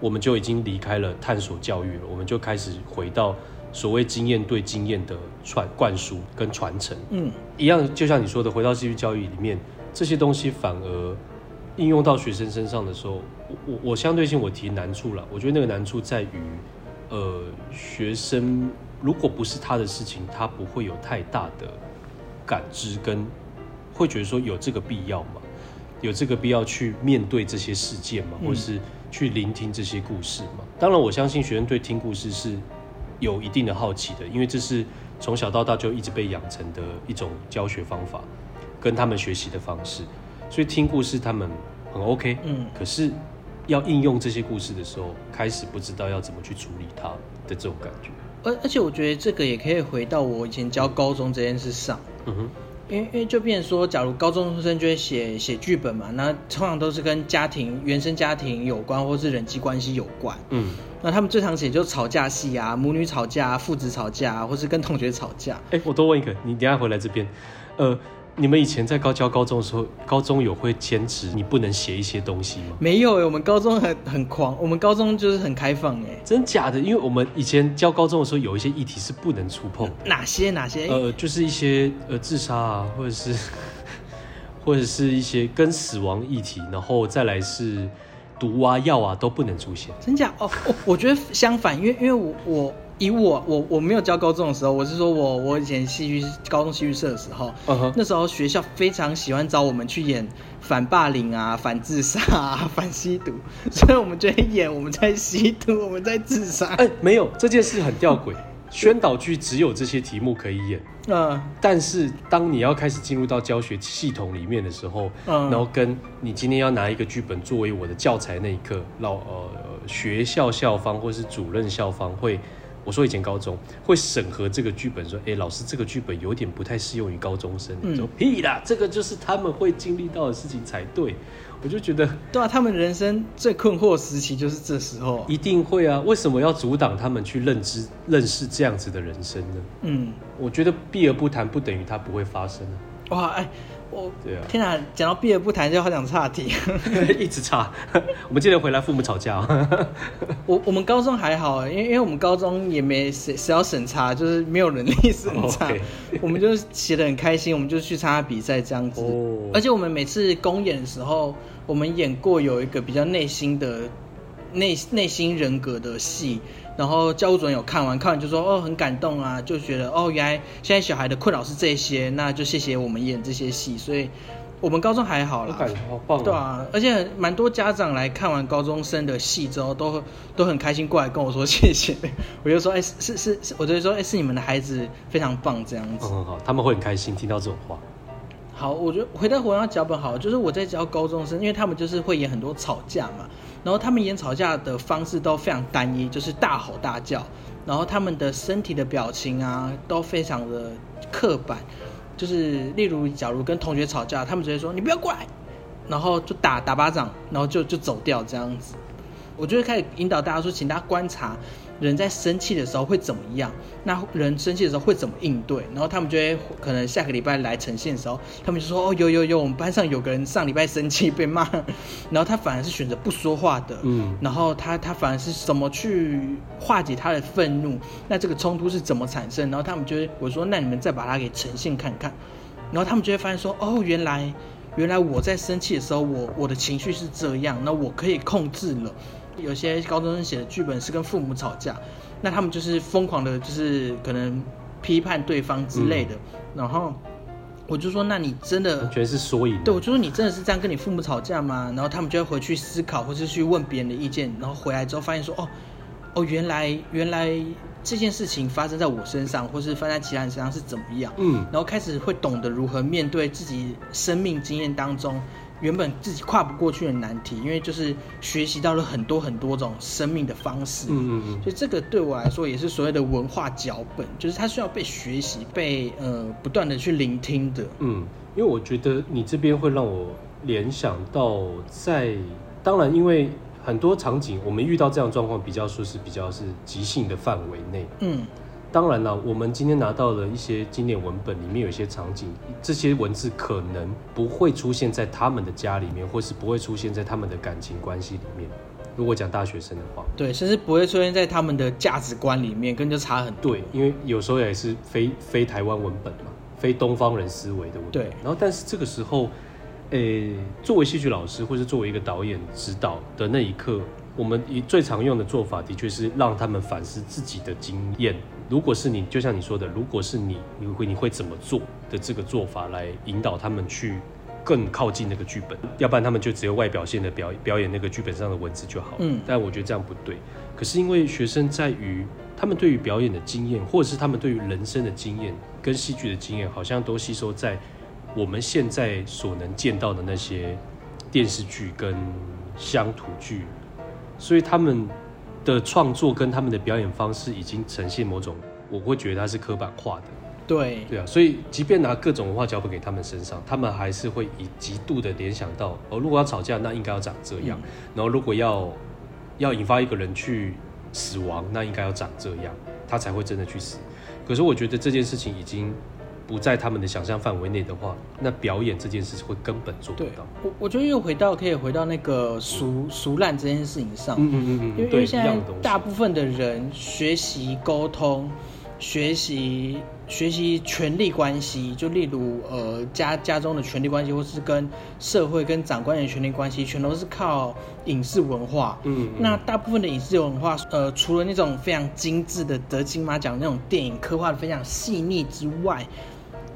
[SPEAKER 1] 我們就已經離開了探索教育了，我們就開始回到所謂經驗對經驗的傳灌輸跟傳承。嗯，一樣，就像你說的，回到繼續教育裡面，這些東西反而。應用到學生身上的時候，我我我相對性我提難處了。我覺得那個難處在於，呃，學生如果不是他的事情，他不會有太大的感知跟，會覺得說有這個必要嗎？有這個必要去面對這些事件嗎？嗯。或是去聆聽這些故事嗎？當然，我相信學生對聽故事是有一定的好奇的，因為這是從小到大就一直被養成的一種教學方法，跟他們學習的方式。所以聽故事他們很 OK，嗯，可是要應用這些故事的時候，開始不知道要怎麼去處理它的這種感覺。而而且我覺得這個也
[SPEAKER 2] 可以回到我以前教高中這件事上，嗯
[SPEAKER 1] 哼，
[SPEAKER 2] 因，因為就變成說，假如高中生就會寫寫劇本嘛，那通常都是跟家庭原生家庭有關，或是人際關係有關，嗯，那他們最常寫就是吵架戲啊，母女吵架，父子吵架，或是
[SPEAKER 1] 跟同學吵架。哎、欸，我多問一個，你等一下回來這邊，呃。你們以前在高教高中的時候，高中有會禁止，你不能寫一些東西嗎？沒有哎，我們高中很很狂，我們高中就是很開放哎，真假的？因為我們以前教高中的時候，有一些議題是不能觸碰的。
[SPEAKER 2] 哪些哪些？呃，
[SPEAKER 1] 就是一些呃自殺啊，或者是，或者是一些跟死亡議題，然後再來是毒啊藥啊都不能出現。
[SPEAKER 2] 真假哦？我，哦、
[SPEAKER 1] 我覺得相反，因為因為我我。以我我我沒有教高中的
[SPEAKER 2] 時候，我是說我我以前戲劇高中戲劇社的時候，uh huh. 那時候學校非常喜歡找我們去演反霸凌啊、反自殺啊、反吸毒，所以我們就會演
[SPEAKER 1] 我們在吸毒，我們在自殺。哎、欸，沒有，這件事很弔詭， 宣導劇只有這些題目可以演。嗯、uh，huh. 但是當你要開始進入到教學系統裡面的時候，uh huh. 然後跟你今天要拿一個劇本作為我的教材那一刻，老呃學校校方或是主任校方會。我說以前高中會審核這個劇本，說：“哎，老師，這個劇本有點不太適用於高中生。嗯”你說：“屁啦，這個就是他們會經歷到的事情才對。”我就覺得，對啊，他們人生最困惑的時期就是這時候，一定會啊！為什麼要阻擋他們去認知、認識這樣子的人生呢？嗯，我覺得避而不談不等於它不會發生哇，哎、欸。我對啊，天哪，
[SPEAKER 2] 講到避而不談就好想岔題，
[SPEAKER 1] 一直岔。我們記得回來父母吵架。
[SPEAKER 2] 我我們高中還好，因為因為我們高中也沒誰誰要審查，就是沒有人力審查，oh, okay. 我們就寫的很開心，我們就去參加比賽這樣子。Oh. 而且我們每次公演的時候，我們演過有一個比較內心的內內心人格的戲。然後教務主任有看完，看完就說哦，很感動啊，就覺得哦，原來現在小孩的困擾是這些，那就謝謝我們演這些戲。所以，我們高中還好了，感覺、okay, 好棒、啊。對啊，而且蠻多家長來看完高中生的戲之後，都都很開心過來跟我說謝謝。 我就說哎、欸，是是是，我就說哎、欸，是你們的孩子非常棒這樣子、嗯。好，
[SPEAKER 1] 他們會很開心聽到這種話。
[SPEAKER 2] 好，我覺得回到文化腳本好了，就是我在教高中生，因為他們就是會演很多吵架嘛。然後他們演吵架的方式都非常單一，就是大吼大叫。然後他們的身體的表情啊，都非常的刻板。就是例如，假如跟同學吵架，他們直接說“你不要過來”，然後就打打巴掌，然後就就走掉這樣子。我就會開始引導大家說，請大家觀察。人在生氣的時候會怎麼樣？那人生氣的時候會怎麼應對？然後他們就會可能下個禮拜來呈現的時候，他們就說：“哦，有有有，我們班上有個人上禮拜生氣被罵，然後他反而是選擇不說話的。嗯，然後他他反而是怎麼去化解他的憤怒？那這個衝突是怎麼產生？然後他們就會我說：“那你們再把它給呈現看看。”然後他們就會發現說：“哦，原來原來我在生氣的時候，我我的情緒是這樣，那我可以控制了。”有些高中生寫的劇本是跟父母吵架，那他們就是瘋狂的，就是可能批判對方之類的。嗯、然後我就說：“那你真的我
[SPEAKER 1] 覺得是所以
[SPEAKER 2] 對，我就說：“你真的是這樣跟你父母吵架嗎？”然後他們就會回去思考，或是去問別人的意見，然後回來之後發現說：“哦，哦，原來原來這件事情發生在我身上，或是發生在其他人身上是怎麼樣？”嗯，然後開始會懂得如何面對自己生命經驗當中。原本自己跨不過去的難題，因為就是學習到了很多很多種生命的方式，嗯，嗯，嗯，所以這個對我來說也是所謂的文化腳本，就是它需
[SPEAKER 1] 要被學習、被呃不斷地去聆聽的，嗯，因為我覺得你這邊會讓我聯想到在，在當然因為很多場景我們遇到這樣狀況，比較說是比較是即興的範圍內，嗯。當然了，我們今天拿到了一些經典文本，裡面有一些場景，這些文字可能不會出現在他們的家裡面，或是不會出現在他們的感情關係裡面。如果講大學生的話，對，甚至不會出現在他們的價值觀裡面，跟就差很多。對，因為有時候也是非非台灣文本嘛，非東方人思維的文本。對。然後，但是這個時候，呃、欸，作為戲劇老師或是作為一個導演指導的那一刻，我們以最常用的做法，的確是讓他們反思自己的經驗。如果是你，就像你說的，如果是你，你會你會怎麼做的這個做法來引導他們去更靠近那個劇本，要不然他們就只有外表現的表表演那個劇本上的文字就好了。嗯，但我覺得這樣不對。可是因為學生在於他們對於表演的經驗，或者是他們對於人生的經驗跟戲劇的經驗，好像都吸收在我們現在所能見到的那些電視劇跟鄉土劇，所以他們。的創作跟他們的表演方式已經呈現某種，我會覺得它是刻板化的。對對啊，所以即便拿各種文化腳本給他們身上，他們還是會以極度的聯想到：哦，如果要吵架，那應該要長這樣；嗯、然後如果要要引發一個人去死亡，那應該要長這樣，他才會真的去死。可是我覺得這件事情已經。不在他們的想象範圍內的話，那表演這件事會根本做不到。
[SPEAKER 2] 我我覺得又回到可以回到那個俗俗爛這件事情上，嗯嗯嗯，因為，因為現在大部分的人學習溝通，學習學習權力關係，就例如呃家家中的權力關係，或是跟社會跟長官的權力關係，全都是靠影視文化。嗯，嗯，那大部分的影視文化，呃，除了那種非常精緻的得金馬獎那種電影，刻畫的非常細膩之外，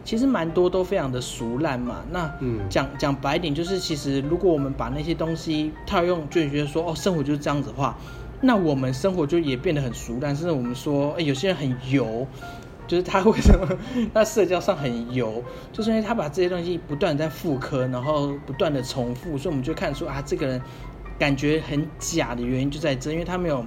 [SPEAKER 2] 其實蠻多都非常的俗爛嘛。那講講、嗯、白一點，就是其實如果我們把那些東西套用，就覺得說哦，生活就是這樣子的話，那我們生活就也變得很俗爛。甚至我們說、欸，有些人很油，就是他為什麼？那社交上很油，就是因為他把這些東西不斷在複刻，然後不斷的重複，所以我們就看出啊，這個人感覺很假的原因就在這，因為他沒有。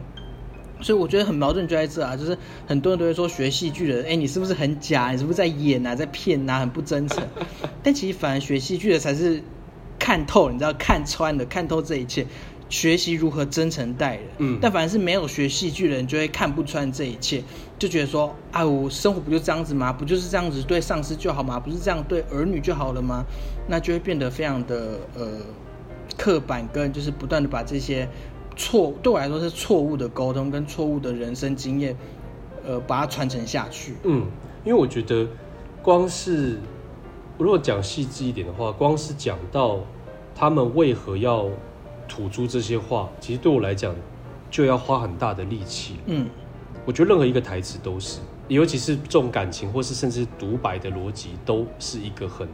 [SPEAKER 2] 所以我覺得很矛盾就在這啊，就是很多人都會說學戲劇的人，哎，你是不是很假？你是不是在演吶、啊，在騙吶、啊？很不真誠。但其實反而學戲劇的才是看透，你知道看穿的，看透這一切，學習如何真誠待人。嗯。但反而是沒有學戲劇的人就會看不穿這一切，就覺得說，哎、啊，我生活不就這樣子嗎？不就是這樣子對上司就好嗎？不是這樣對兒女就好了嗎？那就會變得非常的呃刻板跟，跟就是不斷的把這些。錯，對我來說是錯誤的溝通跟錯誤的人生經驗，呃，把它傳承下去。
[SPEAKER 1] 嗯，因為我覺得，光是如果講細緻一點的話，光是講到他們為何要吐出這些話，其實對我來講就要花很大的力氣。嗯，我覺得任何一個台詞都是，尤其是重感情或是甚至獨白的邏輯，都是一個很。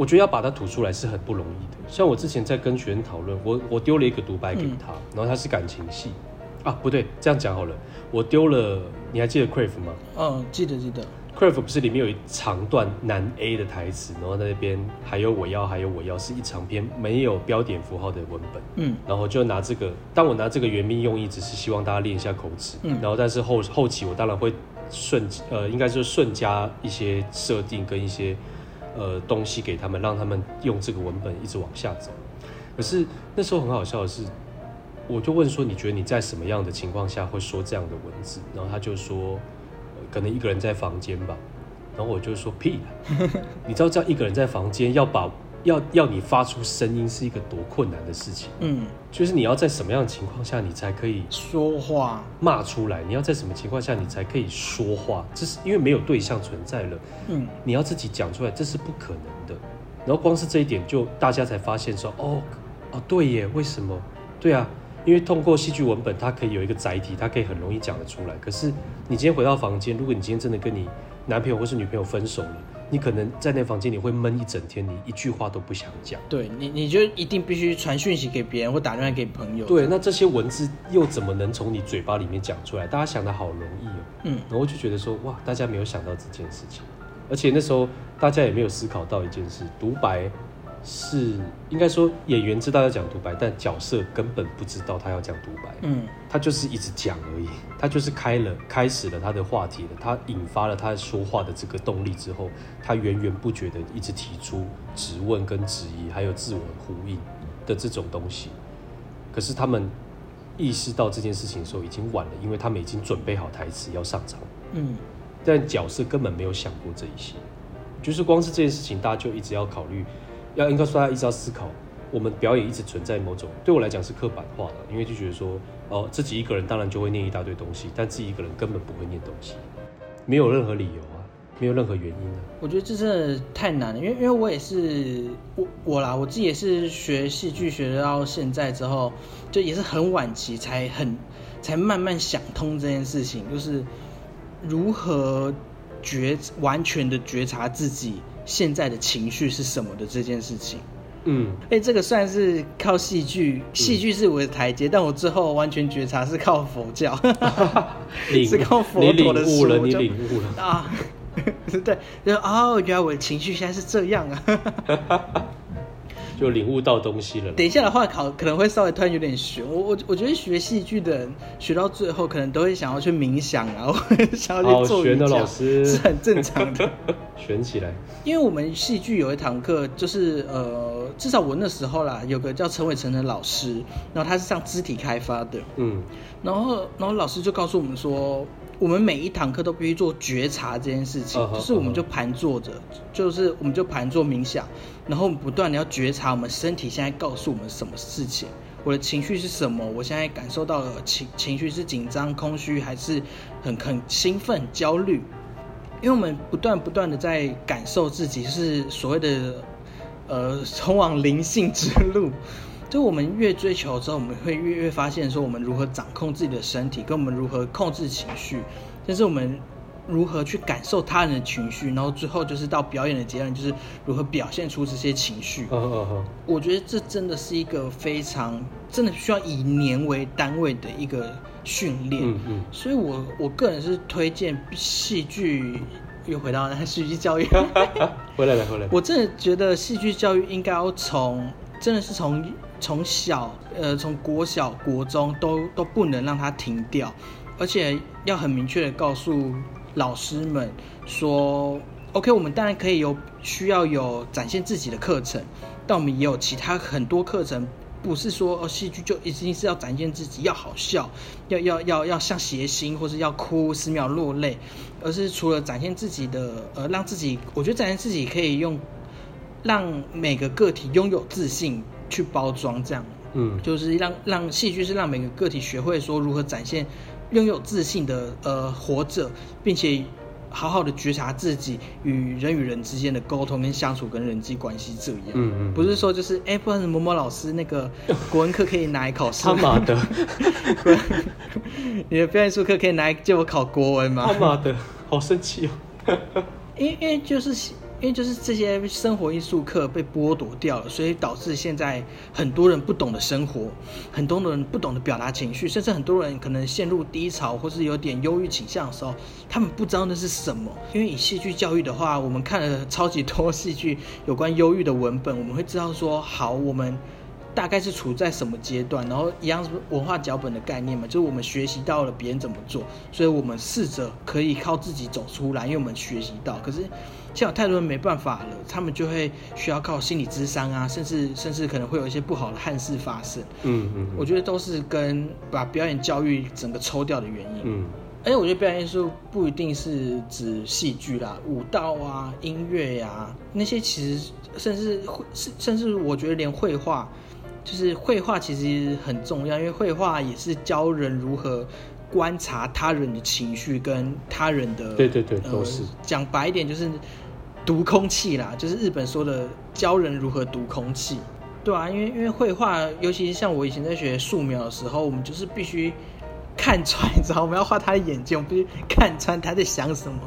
[SPEAKER 1] 我覺得要把它吐出來是很不容易的。像我之前在跟學生討論，我我丟了一個獨白給他，嗯、然後他是感情戲，啊，不對，這樣講好了。我丟了，你還記得《Crave》嗎？嗯、
[SPEAKER 2] 哦，記得記得，
[SPEAKER 1] 《Crave》不是裡面有一長段男 A 的台詞，然後在那邊還有我要，還有我要是一長篇沒有標點符號的文本。嗯，然後就拿這個，當我拿這個原命用意，只是希望大家練一下口齒。嗯，然後但是後後期我當然會順呃，應該是順加一些設定跟一些。呃，東西給他們，讓他們用這個文本一直往下走。可是那時候很好笑的是，我就問說，你覺得你在什麼樣的情況下會說這樣的文字？然後他就說，呃，可能一個人在房間吧。然後我就說，屁啊，你知道這樣一個人在房間要把。要要你發出聲音是一個多困難的事情，嗯，就是你要在什麼樣的情況下你才可以說話罵出來？話你要在什麼情況下你才可以說話？這是因為沒有對象存在了，嗯，你要自己講出來，這是不可能的。然後光是這一點就大家才發現說，哦哦，對耶，為什麼？對啊，因為通過戲劇文本它，可以有一個載體，它可以很容易講得出來。可是你今天回到房間，如果你今天真的跟你男朋友或是女朋友分手了。你可能在那房間你會悶一整天，你一句話都不想講。對你，你就一定必須傳訊息給別人，或打電話給朋友。對，那這些文字又怎麼能從你嘴巴裡面講出來？大家想得好容易哦。嗯，然後我就覺得說，哇，大家沒有想到這件事情，而且那時候大家也沒有思考到一件事——獨白。是應該說，演員知道要講獨白，但角色根本不知道他要講獨白。嗯，他就是一直講而已，他就是開了，開始了他的話題了，他引發了他說話的這個動力之後，他源源不絕的一直提出質問跟質疑，還有自我呼應的這種東西。可是他們意識到這件事情的時候已經晚了，因為他們已經準備好台詞要上場。嗯，但角色根本沒有想過這一些，就是光是這件事情，大家就一直要考慮。要應該說，他一直要思考，我們表演一直存在某種，對我來講是刻板化的，因為就覺得說，哦，自己一個人當然就會念一大堆東西，但自己一個人根本不會念東西，沒有任何理由啊，沒有任何原因啊。
[SPEAKER 2] 我覺得這真的太難了，因為因為我也是我我啦，我自己也是學戲劇學到現在之後，就也是很晚期才很才慢慢想通這件事情，就是如何覺完全的覺察自己現在的情緒是什麼的這件事情，嗯，哎、欸，這個算是靠戲劇，戲劇是我的台階，嗯，但我之後完全覺察是靠佛教， 領 是靠佛陀的了我就啊， 對，就哦，原來我的情緒現在是這樣啊。
[SPEAKER 1] 就領悟到東西了。
[SPEAKER 2] 等一下的話考可能會稍微突然有點懸。我我我覺得學戲劇的人學到最後可能都會想要去冥想然後者想要去做老師
[SPEAKER 1] 是很正常的。懸 起來，
[SPEAKER 2] 因為我們戲劇有一堂課就是呃，至少我那時候啦，有個叫陳偉成的老師，然後他是上肢體開發的，嗯，然後然後老師就告訴我們說，我們每一堂課都必須做覺察這件事情，uh huh, uh huh. 就是我們就盤坐着，就是我們就盤坐冥想。然後不斷地要覺察我們身體現在告訴我們什麼事情，我的情緒是什麼？我現在感受到的情情緒是緊張、空虛，還是很很興奮、焦慮？因為我們不斷不斷的在感受自己，是所謂的呃通往靈性之路。就我們越追求的時候，我們會越越發現說我們如何掌控自己的身體，跟我們如何控制情緒，但是我們。如何去感受他人的情緒，然後最後就是到表演的階段，就是如何表現出這些情緒。Oh, oh, oh. 我覺得這真的是一個非常真的需要以年為單位的一個訓練。所以我我個人是推薦戲劇，又回到那個戲劇教育 回來了，
[SPEAKER 1] 回來了。我
[SPEAKER 2] 真的覺得戲劇教育應該要從，真的是從從小呃從國小國中都都不能讓它停掉，而且要很明確的告訴。老師們說：“OK，我們當然可以有需要有展現自己的課程，但我們也有其他很多課程，不是說哦，戲劇就一定是要展現自己，要好笑，要要要要像諧星，或是要哭十秒落淚，而是除了展現自己的，呃，讓自己，我覺得展現自己可以用讓每個個體擁有自信去包裝，這樣，嗯，就是讓讓戲劇是讓每個個體學會說如何展現。”擁有自信的呃，活着，並且好好的覺察自己與人與人之間的溝通跟相處跟人際關係這樣，嗯嗯嗯、不是說就是哎、欸，不然是某某老師那個國文課可以拿來考試嗎？他，你的表演術課可以拿來借我考國文嗎？他媽的，好生氣哦、 欸！因為就是。因為就是這些生活藝術課被剝奪掉了，所以導致現在很多人不懂得生活，很多人不懂得表達情緒，甚至很多人可能陷入低潮或是有點憂鬱傾向的時候，他們不知道那是什麼。因為以戲劇教育的話，我們看了超級多戲劇有關憂鬱的文本，我們會知道說，好，我們。大概是處在什麼階段？然後一樣文化腳本的概念嘛，就是我們學習到了別人怎麼做，所以我們試着可以靠自己走出來，因為我們學習到，可是，現在太多人沒辦法了，他們就會需要靠心理諮商啊，甚至甚至可能會有一些不好的憾事發生。嗯嗯，嗯嗯，我覺得都是跟把表演教育整個抽掉的原因。嗯，而且我覺得表演藝術不一定是指戲劇啦、舞蹈啊、音樂呀、啊、那些，其實甚至甚至，我覺得連繪畫。就是繪畫其實很重要，因為繪畫也是教人如何觀察他人的情緒跟他人的。對對對，都是。呃，講白一點就是讀空氣啦，就是日本說的教人如何讀空氣。對啊，因為因為繪畫，尤其是像我以前在學素描的時候，我們就是必須看穿，你知道，我們要畫他的眼睛，我們必須看穿他在想什麼。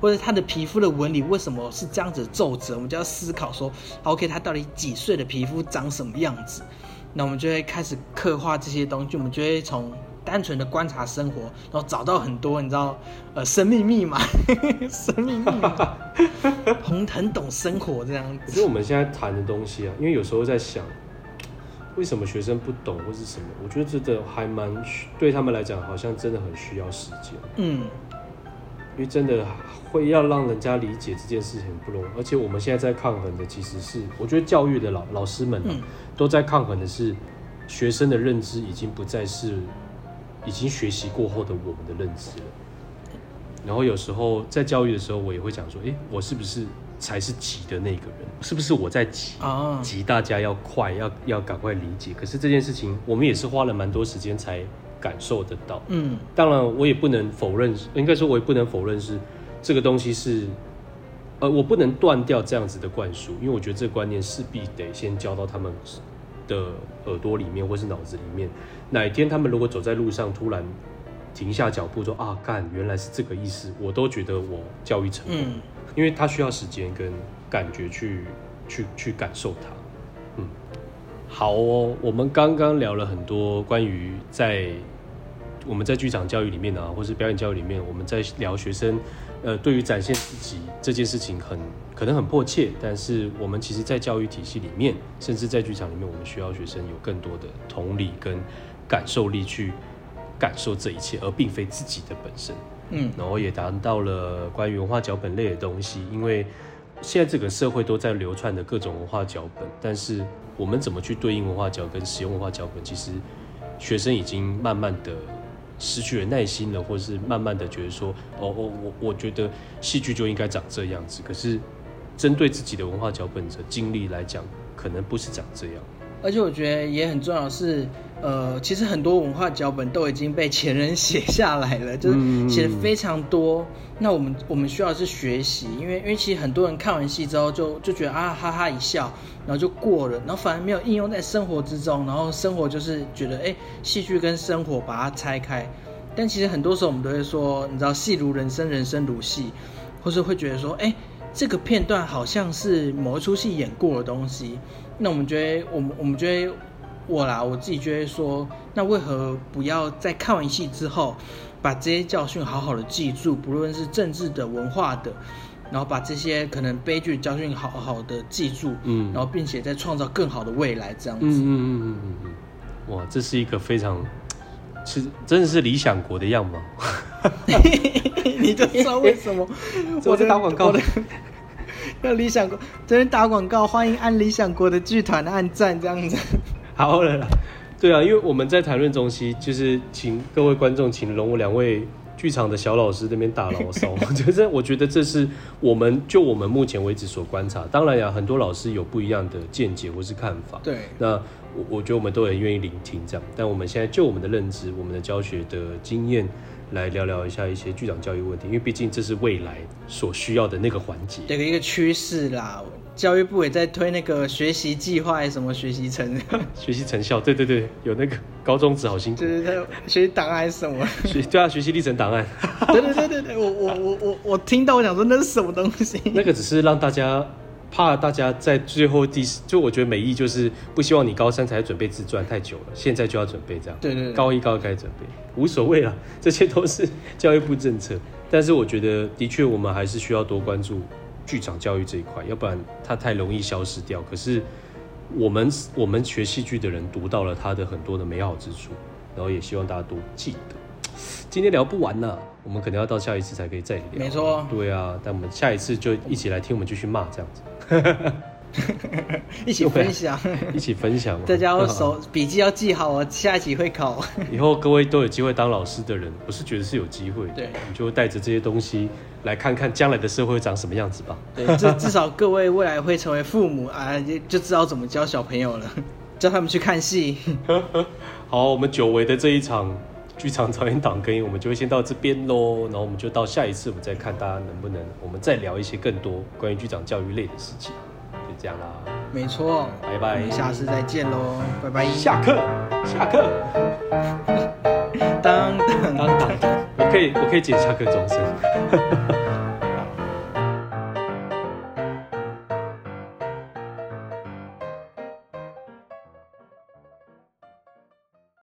[SPEAKER 2] 或者他的皮膚的紋理為什麼是這樣子皺褶？我們就要思考說，OK，他到底幾歲的皮膚長什麼樣子？那我們就會開始刻畫這些東西，我們就會從單純的觀察生活，然後找到很多你知道，呃，生命密碼， 生命密碼，紅 很懂生活這樣
[SPEAKER 1] 子。我覺得我們現在談的東西啊，因為有時候在想，為什麼學生不懂或是什麼？我覺得這個還蠻對他們來講，好像真的很需要時間。嗯。因為真的會要讓人家理解這件事情不容易，而且我們現在在抗衡的其實是，我覺得教育的老老師們、啊、都在抗衡的是學生的認知已經不再是已經學習過後的我們的認知了。然後有時候在教育的時候，我也會想說，哎、欸，我是不是才是急的那個人？是不是我在急急大家要快，要要趕快理解。可是這件事情，我們也是花了蠻多時間才。感受得到，嗯，當然我也不能否認，應該說我也不能否認是，這個東西是，呃，我不能斷掉這樣子的灌輸，因為我覺得這個觀念勢必得先教到他們的耳朵裡面或是腦子裡面，哪一天他們如果走在路上突然停下腳步說啊幹原來是這個意思，我都覺得我教育成功，嗯，因為他需要時間跟感覺去去去感受它，嗯，好哦，我們剛剛聊了很多關於在。我們在劇場教育裡面呢、啊，或是表演教育裡面，我們在聊學生，呃，對於展現自己這件事情很可能很迫切，但是我們其實，在教育體系裡面，甚至在劇場裡面，我們需要學生有更多的同理跟感受力去感受這一切，而並非自己的本身。嗯，然後也談到了關於文化腳本類的東西，因為現在這個社會都在流傳的各種文化腳本，但是我們怎麼去對應文化腳本跟使用文化腳本，其實學生已經慢慢的。失去了耐心了，或是慢慢的覺得說，哦，我我我覺得戲劇就應該長這樣子，可是針對自己的文化腳本的經歷來講，可能不是長這樣。
[SPEAKER 2] 而且我覺得也很重要是。呃，其實很多文化腳本都已經被前人寫下來了，就是寫的非常多。那我們我們需要的是學習，因為因為其實很多人看完戲之後就就覺得啊哈哈一笑，然後就過了，然後反而沒有應用在生活之中。然後生活就是覺得哎，戲劇跟生活把它拆開，但其實很多時候我們都會說，你知道戲如人生，人生如戲，或是會覺得說哎，這個片段好像是某一齣戲演過的東西。那我們覺得，我們我們覺得。我啦，我自己覺得說，那為何不要在看完戲之後，把這些教訓好好的記住，不論是政治的、文化的，然後把這些可能悲劇教訓好好的記住，嗯，然後並且再創造更好的未來這樣子。嗯
[SPEAKER 1] 嗯嗯，哇，這是一個非常是真的是理想國的樣貌。 你
[SPEAKER 2] 就知道為什麼我在 是是打廣告的，要理想國，真是打廣告，歡迎按理想國的劇團按讚這樣子。
[SPEAKER 1] 好了啦，對啊，因為我們在談論中，西，就是請各位觀眾，請容我兩位劇場的小老師那邊打牢騷。我覺是我覺得這是我們就我們目前為止所觀察。當然呀、啊，很多老師有不一樣的見解或是看法。對，那我我覺得我們都很願意聆聽這樣。但我們現在就我們的認知、我們的教學的經驗來聊聊一下一些劇場教育問題，因為畢竟這是未來所需要的那個環節，
[SPEAKER 2] 這個一個趨勢啦。教育部也在推那個學習計劃，什
[SPEAKER 1] 麼學習成學習成效？對對對，有那個高中指好心，就是他有學習檔案什麼學？對啊，學習歷程檔案。 對對
[SPEAKER 2] 對對我我我我我聽到，我講說，那是什
[SPEAKER 1] 麼東西？那個只是讓大家怕大家在最後第，就我覺得美意就是不希望你高三才準備自傳太久了，現在就要準備這樣。對對，對對，高一高二開始準備，無所謂了，這些都是教育部政策。但是我覺得，的確我們還是需要多關注。劇場教育這一塊，要不然它太容易消失掉。可是我們我們學戲劇的人讀到了它的很多的美好之處，然後也希望大家都記得。今天聊不完了，我們可能要到下一次才可以再聊。沒錯啊，對啊，但我們下一次就一起來聽，我們繼續罵這樣子。
[SPEAKER 2] 一起分享，
[SPEAKER 1] 啊，一起分享，哦。 大家要手
[SPEAKER 2] 筆記要記好，我下一期會考。
[SPEAKER 1] 以後各位都有機會當老師的人，我是覺得是有機會。對，你就帶着這些東西來看看將來的社會，會長什麼樣子吧。對，至
[SPEAKER 2] 至少各位未來會成為父母啊，就就知道怎麼教小朋
[SPEAKER 1] 友了，叫他們去看戲。 好，我們久違的這一場劇場導演黨更衣，我們就會先到這邊嘍。然後我們就到下一次，我們再看大家能不能，我們再聊一些更多關於劇場教育類的事情。講啦，沒錯錯，拜拜，下次再見嘍，拜拜，下課，下課，當當當當，噔噔，我可以，我可以解下課鐘聲。